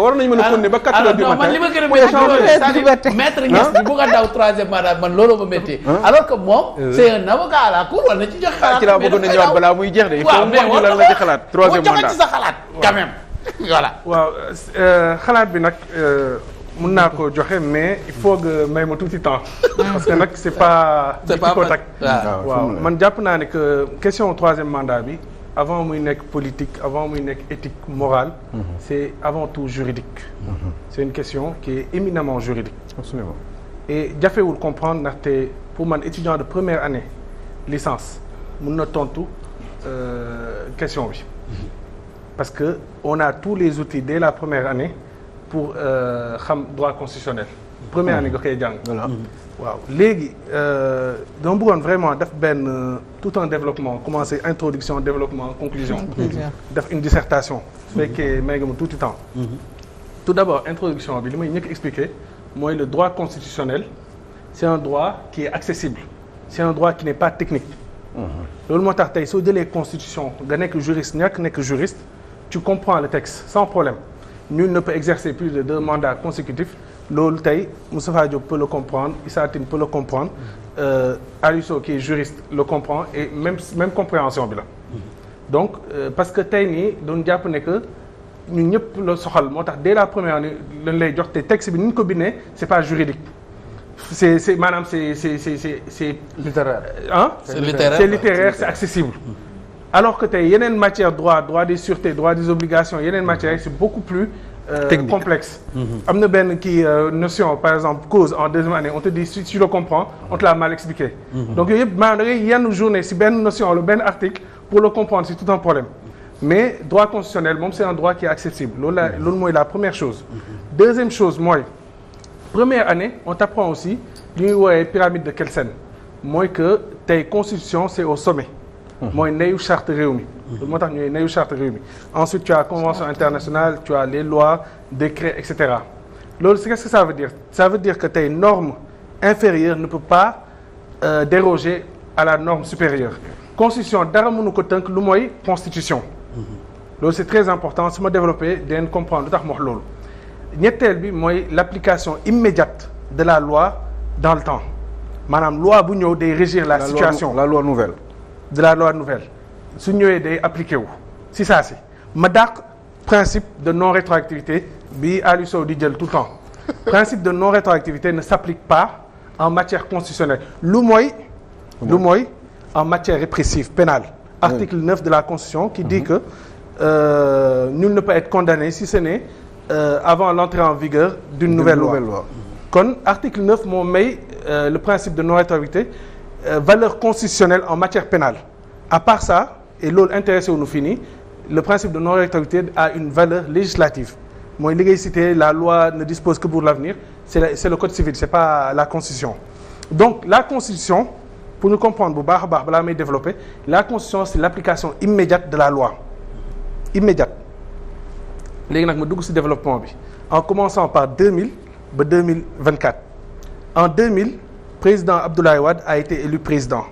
waroon nañu mën a continuer ba quatre heures du matin man li ma gën a métti loolu maître Niass bi bëgg a daw troisième mandat man loolu ma métti alors que moom euh. c'est un avocat à la cour war na ci jox xalaat ah, ci laa bëggoon na ñëwaat balaa muy jeex de il faut mu wax ñu lan la ci xalaat troisième mandat ci sa xalaat quand même voilà waaw euh, xalaat bi nag euh, mën naa ko joxe mais il faut que may ma tuuti temps parce que nag c'est pas c'est pas waaw man jàpp naa ne que question troisième mandat bi avant muy nekk politique avant muy nekk éthique morale. Mm c'est avant tout juridique. Mm -hmm. c'est une question qui est éminemment juridique. absolument et jafewul comprendre ndaxte pour man étudiant de première année licence mun na tontu euh, question bi. parce que on a tous les outils dès la première année pour euh, xam euh, droit constitutionnel. première année nga koy jàng. Mm-hmm. waaw léegi euh, dama bëggoon vraiment def benn tout un développement commencer introduction développement conclusion. Mm-hmm. Mm-hmm. def une dissertation. su fekkee mais nga ma tuuti temps. tout d' introduction bi li may ñëkk expliquer mooy le droit constitutionnel c' est un droit qui est accessible c' est un droit qui n' pas technique. loolu moo tax tey soo jëlee constitution nga nekk juriste ñàkk nekk juriste tu comprends le texte sans problème nul ne peut exercer plus de deux mandats consécutifs. loolu tey Moustapha Diop peut le comprendre Issa Tine peut le comprendre euh, qui est juriste le comprend et même même compréhension bi la. donc euh, parce que tey nii doon jàpp ne que ñun ñëpp la soxal moo tax dès la première année lañ lay jox te texte bi ni ñu ko bindee c'est pas juridique. c'est c'est maanaam c'est c'est c'est c'est c'est littéraire ah c'est littéraire c'est accessible alors que tey yeneen matière droit droit des sûretés droit des obligations yeneen matières c'est beaucoup plus Euh, technique complexe. Mhm. am na benn kii euh, notion par exemple cause en deuxième année on te dit si tu le comprends on te l'a mal expliqué. Mhm. donc yooyu yëpp maanaam da yenn journée si benn notion wala benn article pour le comprendre c'est tout un problème mais droit constitutionnel moom c'est un droit qui est accessible loolu la mhm. loolu mooy la première chose. deuxième chose mooy première année on t'apprend aussi li ñuy woowee pyramide de Kelsen mooy que tey constitution c'est au sommet. mooy ndeyu charte réew mi loolu moo tax ñooy ndeyu charte réew mi ensuite tu as convention internationale tu as les lois décrets et cetera loolu c'est qu'est-ce que ça que tey norme inférieure ne peut pas euh, déroger à la norme supérieure constitution dara mënu ko tënk lu mooy constitution mm-hmm. lool c'est très important su ma développé dinañ comprendre lu tax ma wax loolu ñetteel bi mooy l'application immédiate de la loi dans le temps maanaam loi bu ñëw day régir la situation la loi nouvelle de la loi nouvelle su ñëwee day appliqué wu si saa si ma dàq principe de non rétroactivité bi Aliou Sow di jël tout le temps principe de non rétroactivité ne s'applique pas en matière constitutionnelle lu mooy lu mooy en matière répressive pénale article 9 de la constitution qui dit mhm. que euh, nul ne peut être condamné si ce n'est euh, avant l'entrée en vigueur d'une nouvelle loi kon article 9 moo may euh, le principe de non rétroactivité Euh, valeur constitutionnelle en matière pénale à part ça et loolu intéressé wu ñu fii nii le principe de non rétroactivité a une valeur législative mooy li ngay cité la loi ne dispose que pour l'avenir c'est la, c'est le code civil c'est pas la constitution donc la constitution pour ñu comprendre bu baax a baax balaa may développer la constitution c'est l'application immédiate de la loi immédiate léegi nag ma dugg ci développement bi en commençant par 2000 ba 2024 en 2000 président Abdoulaye Wade a été élu président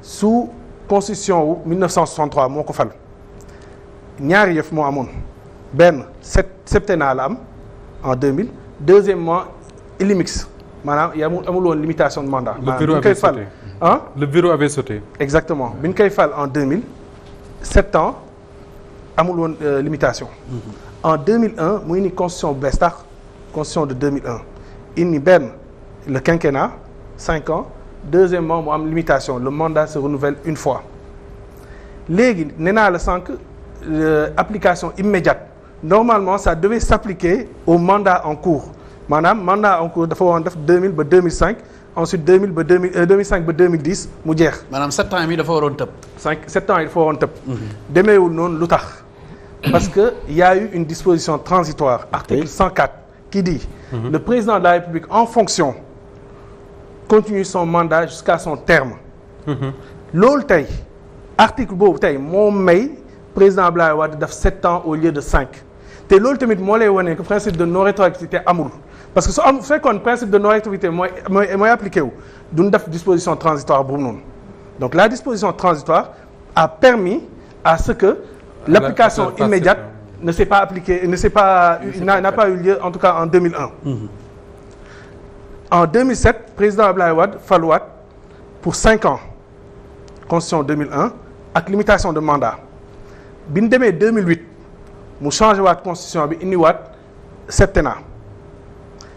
sous constitution wu 1963 moo ko fal ñaari yëf moo amoon benn septennat la am en 2000 deuxièmement illimix maanaam y amul amul woon limitation de mandat. le bureau avait sauté ah le bureau avait sauté. exactement bi ñu koy fal en 2000 sept ans amul woon euh, limitation. Mm-hmm. en 2001 mu indi constitution bu bees tax constitution de 2001 indi benn le quinquennat cinq ans deuxièmement mu am limitation le mandat se renouvelle une fois léegi nee naa la sànq euh, application immédiate normalement ça devait s'appliquer au mandat en cours maanaam mandat en cours dafa waroon def 2000 ba 2005 ensuite 2000 ba 2000 2005 euh, ba 2010 mu jeex. maanaam 7 ans yi dafa waroon tëb. 5 7 ans yi dafa waroon tëb. Mhm. demeewul noonu lu tax. parce que y a eu une disposition transitoire. article 104 qui dit. Mhm. le président de la République en fonction. continue son mandat jusqu'à son terme mm-hmm. loolu tey article boobu tey moo may président Abdoulaye Wade def sept ans au lieu de cinq te loolu tamit moo lay wane que de non rétroactivité amul parce que su am fekkoon principe de non rétroactivité mooy mooy mooy appliqué wu duñ def disposition transitoire boobu noonu donc la disposition transitoire a permis à ce que l'application immédiate ne s'est pas appliquée ne s'est pas n'a pas eu lieu en tout cas en en 2007 président Abdoulaye Wade faluwaat pour cinq ans constitution 2001 ak limitation de mandat bi ñu demee 2008 mu changé waat constitution bi indiwaat septennat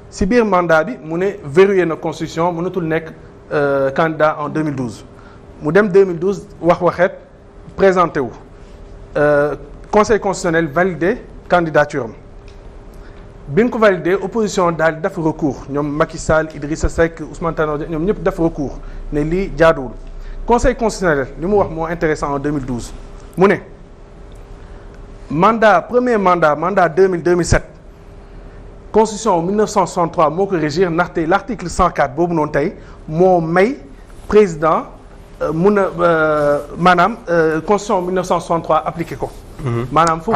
si biir manda bi mu ne verrouillé na constitution mënatul nekk euh, candidat en 2012 mu dem 2012 wax waxeet présenté wu euh, conseil constitutionnel validé candidature am bi nga ko validé opposition daal def recours ñoom Macky Sall Idrissa Seck Ousmane Tanor Dieng ñoom ñëpp def recours ne lii jaaduwul conseil constitutionnel li mu wax moo intéressant en 2012 mu ne mandat premier mandat mandat 2000 2007 constitution 1963 moo ko régir ndaxte l' article 104 boobu noonu tey moo may président euh, mun a euh, maanaam euh, constitution 1963 appliqué ko. Mhm. maanaam fu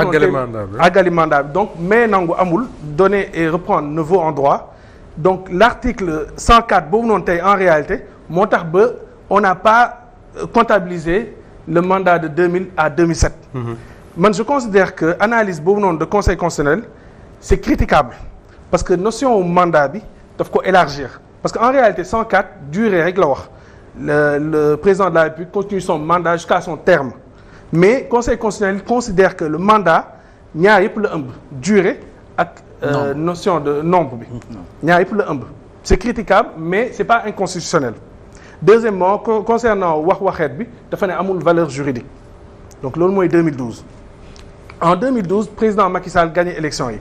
àggali mandat bi donc mais nangu amul donner et reprendre ne vaut en droit donc l' article 104 boobu noonu tey en réalité moo tax ba on n'a pas euh, comptabilisé le mandat de 2000 à 2007 mhm. man je considère que analyse boobu noonu de conseil constitutionnel c' est critiquable parce que notion mandat bi daf ko élargir parce que en réalité 104 durée rek la wax le président de la République continue son mandat jusqu'à son terme mais conseil constitutionnel considère que le mandat ñaar yëpp la ëmb durée ak euh, notion de nombre bi mmh. ñaar yëpp la ëmb c'est critiquable mais c'est pas inconstitutionnel deuxièmement concernant wax waxeet bi dafa ne amul valeur juridique donc loolu mooy 2012 en 2012 président Macky Sall gagné élection yi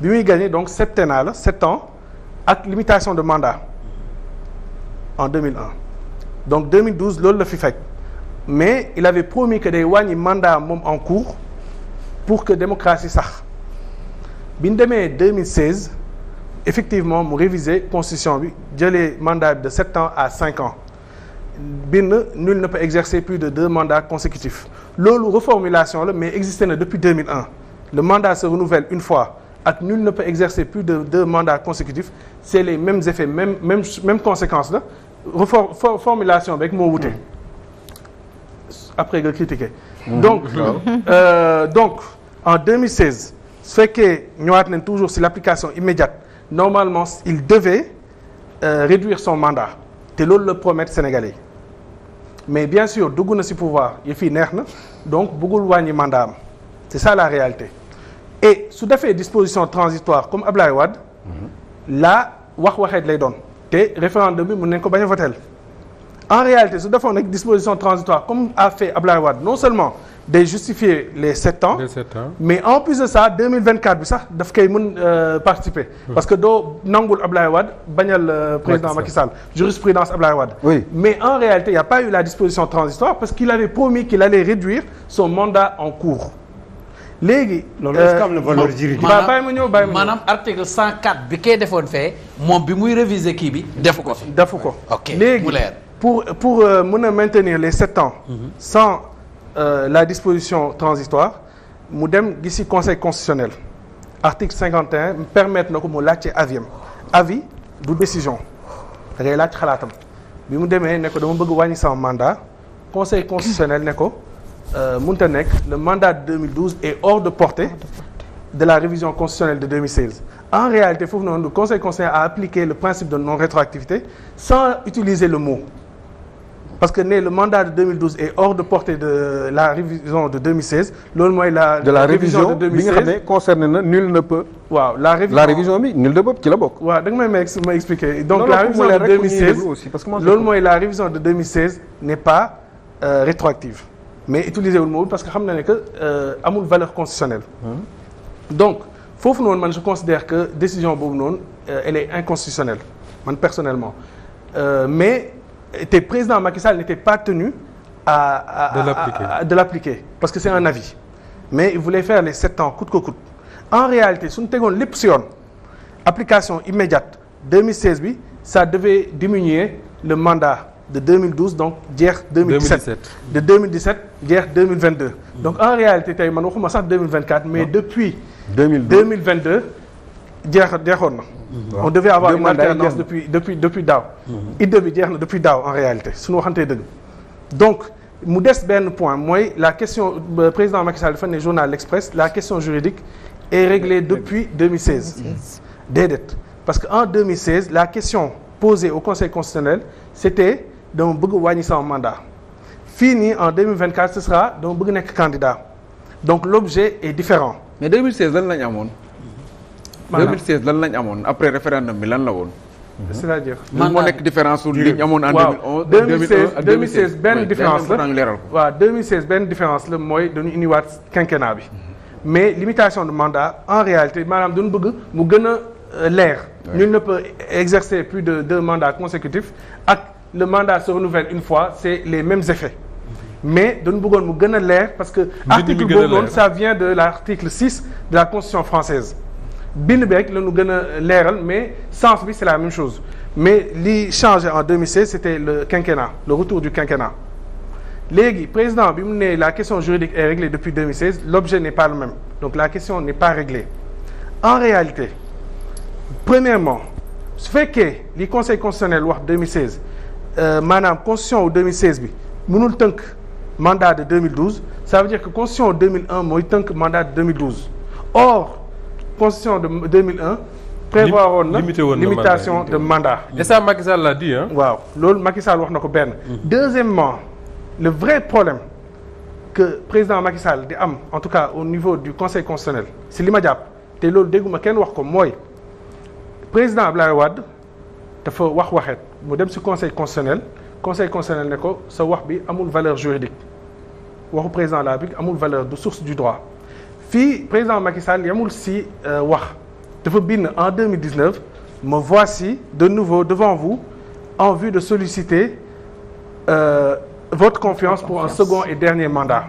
bi muy gagné donc septennat la sept ans ak limitation de mandat en 2001 donc 2012 loolu la fi fekk mais il avait promis que day wàññi mandat moom en cours pour que démocratie sax bi ñu demee 2016 effectivement mu réviser constitution bi jëlee mandat de sept ans à cinq ans bind nul ne peut exercer plus de deux mandats consécutifs loolu reformulation la mais existé na depuis 2001 le mandat se renouvelle une fois ak nul ne peut exercer plus de deux mandats consécutifs c'est les mêmes effets même même même conséquences la reformulation beeg moo wute après nga critiqué mm. donc euh, donc en 2016 su fekkee ñëwaat nañ toujours si l' application immédiate normalement il devait euh, réduire son mandat te loolu la promettre Sénégalais mais bien sûr dugg na si pouvoir yi fi neex na donc bëggul wàññi mandat am c' ça la réalité et su defee disposition transitoire comme Ablaye Wade mm-hmm. là wax waxeet lay doon te référendum bi mën nañ ko bañ a en réalité su defoon nag disposition transitoire comme a fait Ablaye Wade non seulement day justifier les sept ans, les sept ans mais en plus de ça 2024 bi sax daf koy mën euh, participer parce que doo nangul Ablaye Wade bañal euh, président Macky Sall jurisprudence Ablaye Wade oui. en réalité il y a pas eu la disposition transitoire parce qu'il avait promis qu'il allait réduire son mandat en cours léegi. loolu est-ce que am na euh, valeur juridique. bàyyi ñëw bàyyi ma ñëw maanaam article kay defoon fee moom bi réviser kii bi. defu ko defu ko ok mu pour pour euh, mën a maintenir les sept ans. Mm -hmm. sans euh, la disposition transitoire mu dem gisi conseil constitutionnel article cinquante et un permettre na ko mu laaj ci avis am avis du décision da ngay laaj xalaatam bi mu demee nekko ko dama bëgg wàññi sama mandat conseil constitutionnel ne ko euh, mënta nekk le mandat de 2012 est hors de portée de la révision constitutionnelle de 2016 en réalité foofu noonu le conseil constitutionnel a appliqué le principe de non rétroactivité sans utiliser le mo parce que ne le mandat de 2012 est hors de portée de la révision de 2016 loolu mooy la. de la révision bi ne concerné na nul ne peut. la révision la bi nul ne peut ci la bokk. waaw da nga may may ma expliquer. donc la révision de n'est pas euh, rétroactive mais utiliser wul moom parce que xam na ne que euh, amul valeur constitutionnelle. donc foofu noonu man je considère que décision boobu noonu euh, elle est inconstitutionnelle man personnellement mais. était président Macky Sall n'était pas tenu à, à, à de l'appliquer parce que c'est un avis mais il voulait faire les sept ans coûte que coûte en réalité suñu tegoon lépp si yoon application immédiate 2016 bi ça devait diminuer le mandat de 2012 donc jeex 2017 de 2017 jeex 2022 donc en réalité tey man waxuma sax 2024 mais non. depuis 2022 jeex jeexoon na. on devait avoir une alternance depuis depuis depuis daaw. Mhm. idée bi jeex na depuis daaw en réalité suñu waxantee dëgg. donc mu des benn point mooy la question euh, président Macky Sall dafa ne journal L'Express la question juridique est réglée depuis 2016. déedéet parce que en 2016 la question posée au conseil constitutionnel c'était dama bëgg wàññi sama mandat. fii nii en 2024 ce sera dama bëgg nekk candidat donc l'objet est différent mais 2016 lan la ñu amoon. maanaam 2016 lan lañ amoon après référendum bi lan la woon. c'est-à-dire lan moo nekk différence su li ñu amoon en 2011 benn différence la benn différence la mooy dañu indiwaat quinquennat bi mais limitation de mandat en réalité maanaam dañu bëgg mu gën a euh, leer nul ne peut exercer plus de deux mandats consécutifs ak le mandat se renouvelle une fois c'est les mêmes effets mais dañu bëggoon mu gën a leer parce que article boobu noonu ça vient de l'article 6 de la constitution française bind bi rek la ñu gën a leeral mais sens bi c'est la même chose mais li changé en 2016 c'était le quinquennat le retour du quinquennat léegi président bi mu ne la question juridique est réglée depuis 2016 l'objet n'est pas le même donc la question n'est pas réglée en réalité premièrement su fekkee li conseil constitutionnel wax 2016 euh, maanaam constitution 2016 bi mënul tënk mandat de 2012 ça veut dire que constitution 2001 mooy tënk mandat de 2012 or constitution de 2001. prévoir woon na limitation de mandat et ça Macky Sall l'a dit hein. waaw loolu Macky Sall wax na ko benn. Mhm. deuxièmement le vrai problème que président Macky Sall di am en tout cas au niveau du conseil si li ma jàpp te loolu dégguma kenn wax ko mooy président Abdoulaye Wade dafa wax waxet mu dem si conseil constitutionnel conseil constitutionnel ne ko sa wax bi amul valeur juridique waxu président la bi amul valeur de source du droit. fii président Macky Sall yamul si euh, wax dafa bind en 2019 me voici de nouveau devant vous en vue de solliciter euh, votre confiance pour un second et dernier mandat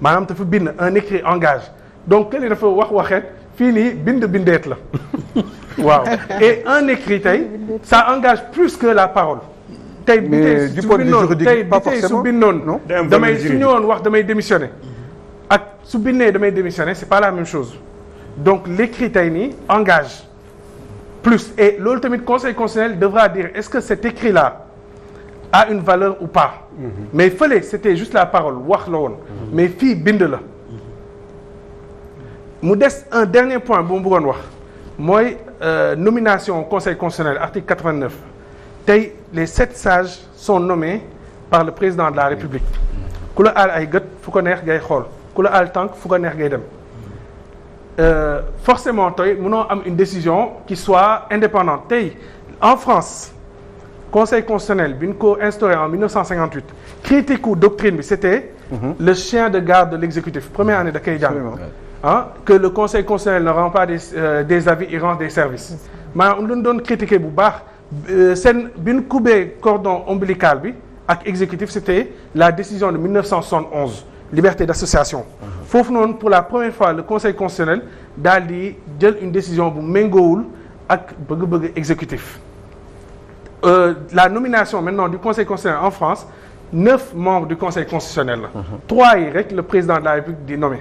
maanaam dafa bind un écrit engage donc kële dafa wax waxeet fii nii bind bindeet la waaw et un écrit tey ça engage plus que la parole tey bi tey su bindoon tey bi tey su bindoon damay su ñëwoon wax damay démissionner su bindee damay démissionner c'est pas la même tey nii engage plus et loolu tamit conseil constitutionnel devra dire est-ce que cet écrit là a une valeur ou pas mm -hmm. mais fële c'était juste la parole wax la woon mhm. mais fii bind la mhm. mu des un dernier point bu mu bëggoon wax mooy euh, nomination conseil constitutionnel article 89 tey les sept sages sont nommés par le président la république ku la aar ay gët fu ko neex ngay xool ku la al tànk fu ko neex ngay dem euh, forcément tey mënoo am une décision soit indépendante tey en France conseil constitutionnel bi ñu ko instauré en 1958 critique u doctrine bi c'était mhm. le chien de garde de l'exécutif première mhm. année da koy jàng ah que le conseil constitutionnel pas des euh, des avis il rend des services maanaam lu doon critiquer bu baax euh, seen bi ñu coupé cordon ombilical bi ak exécutif c'était la décision de 1971 liberté d'association foofu noonu pour la première fois le conseil constitutionnel daal di jël décision bu méngoowul ak bëgg-bëgg exécutif euh, la nomination maintenant du conseil constitutionnel en France neuf membres du conseil constitutionnel la mhm. trois yi rek le président de la République di nommé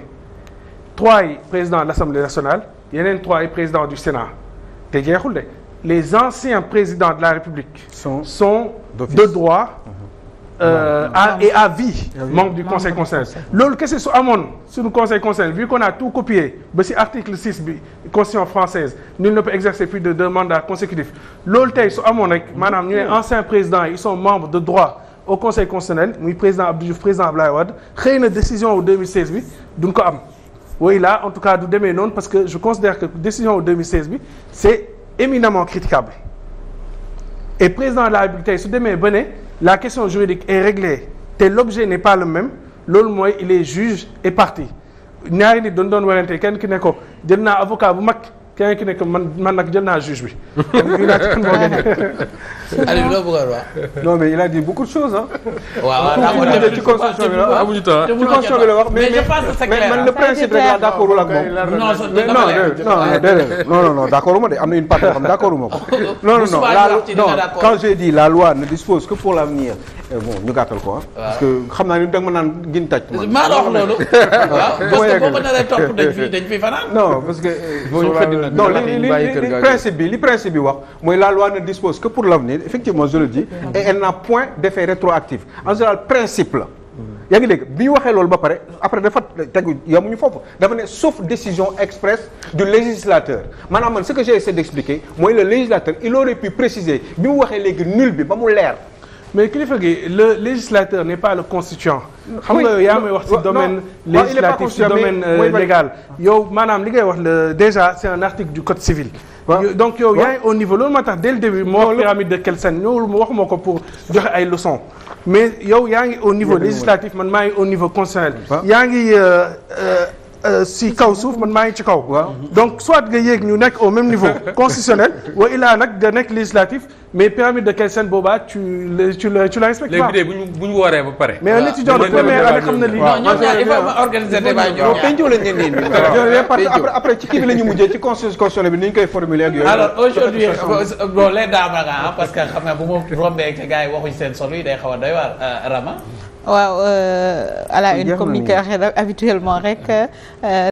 trois yi président de l'Assemblée nationale yenen trois président du Sénat te jeexul de les anciens présidents de la République sont, sont de droit mhm. Euh, à et à vie membre du conseil constitutionnel loolu kese su amoon suñu conseil constitutionnel vu qu'on a tout copié ba si article six bi constitution française nul ne peut exercer plus de deux mandats consécutifs loolu tey su amoon rek maanaam ñu ne anciens présidents ils sont de droit au conseil constitutionnel muy président Abdou Diouf président Abdoulaye Wade xëy na décision wu 2016 bi ko am woy là en tout cas du demee noonu parce que je considère que décision wu 2016 bi c'est éminemment critiquable et président de la République tey su demee ba ne la question juridique est réglée te l'objet ne pas le même loolu mooy il est juge et parti ñaari nit doon doon werante kenn ki ne ko jël naa avocat bu mag keneen ki nekk man man nag jël naa juge bi. lii naa ci kan moo gagné. Aliou loo bëggoon wax. non mais il a dit beaucoup de choses ah. waaw waaw d'accord ci constitution la ah, amuñu temps ci constitution bi la wax. man le principe rek laa d'accordul ak moom. non soo non non non non non d'accorduma de am na une partie yoo xam d'accorduma ko. non non non la non quand j'ai dit la loi ne dispose que pour l'avenir Euh, bon ñu gàttal ko ah. parce que xam naa ni da nga ma naan gin tàcc. maa la wax loolu. waaw parce que boo ko naree topp dañ fi dañ fi fanaan. non parce que. Euh, non li principe bi li principe bi wax mooy la loi ne dispose que pour l'avenir effectivement je le dis. Mm-hmm. et point d'effet rétroactif en général principe la. yaa ngi dégg bi waxee loolu ba pare après dafa tegu yamuñu foofu dafa ne sauf décision expresse du législateur maanaam man ce que j'ai essayé d'expliquer mooy le législateur waxee léegi nul bi ba mu leer. mais kilifa gi le législateur n'est pas le constituant. xam nga yaa may wax ci domaine. législatif ci domaine euh, légal. yow maanaam li ngay wax la déjà c'est un article du code civil. donc yow yaa au niveau loolu moo tax dès le début. moo pyramide de Kelsen loolu waxuma ko pour joxe ay leçons. mais yow yaa ngi au niveau législatif man maa ngi au niveau constitutionnel. yaa ngi. Euh, euh, si kaw suuf man maa ngi ci kaw. donc soit nga yéeg ñu nekk au même niveau. constitutionnel wa ilaa nag nga nekk législatif. mais pyramide de Kelsen boobaa tu le tu le tu la respectes pas. léegi bu ñu bu ñu wooree ba pare. mais un étudiant de première année xam na lii. waaw ñoom ñaar il faut organiser débat ñoom penjoo lañ leen indi. waaw après ci kii bi la ñu mujjee ci constitution bi ni ñu koy formuler ak yooyu. alors aujourd'hui bon les daamaga parce que xam nga bu ma rombee te gars yi waxuñ seen solo yi day xaw a doy waar euh, Rama. waaw euh, à la une comme ni ñu koy waxee habituellement rek. Euh,